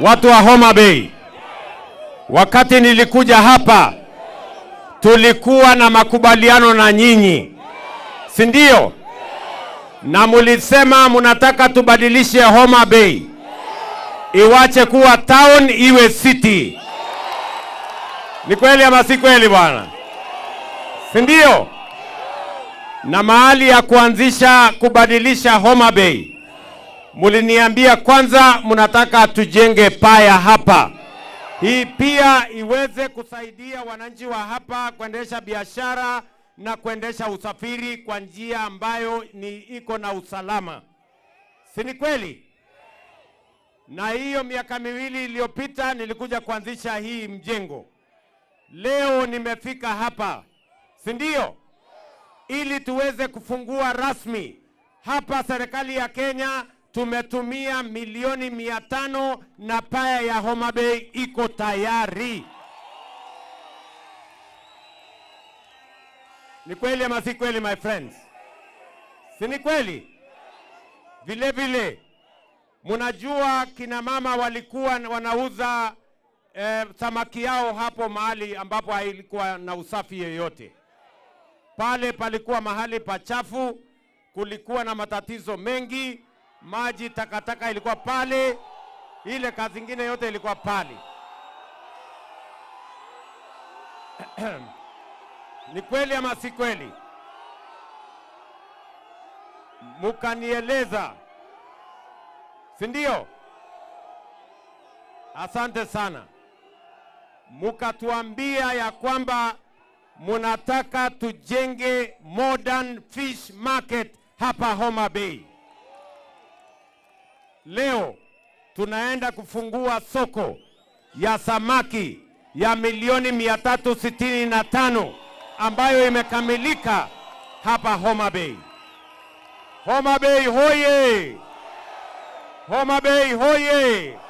Watu wa Homa Bay, wakati nilikuja hapa tulikuwa na makubaliano na nyinyi, si ndio? Na mulisema munataka tubadilishe Homa Bay iwache kuwa town iwe city. Ni kweli ama si kweli bwana? Si ndio? Na mahali ya kuanzisha kubadilisha Homa Bay Muliniambia kwanza mnataka tujenge paya hapa, hii pia iweze kusaidia wananchi wa hapa kuendesha biashara na kuendesha usafiri kwa njia ambayo ni iko na usalama, si ni kweli? Na hiyo miaka miwili iliyopita nilikuja kuanzisha hii mjengo. Leo nimefika hapa, si ndio? Ili tuweze kufungua rasmi hapa serikali ya Kenya tumetumia milioni mia tano na paya ya Homa Bay iko tayari. Ni kweli ama si kweli, my friends? Si ni kweli? Vile vile munajua kina mama walikuwa wanauza eh, samaki yao hapo mahali ambapo hailikuwa na usafi yoyote. Pale palikuwa mahali pachafu, kulikuwa na matatizo mengi maji, takataka ilikuwa pale, ile kazi ingine yote ilikuwa pale. Ni kweli ama si kweli? Mukanieleza, si ndio? Asante sana. Mukatuambia ya kwamba munataka tujenge modern fish market hapa Homa Bay. Leo tunaenda kufungua soko ya samaki ya milioni mia tano ambayo imekamilika hapa Homa Bay. Homa Bay hoye! Homa Bay hoye!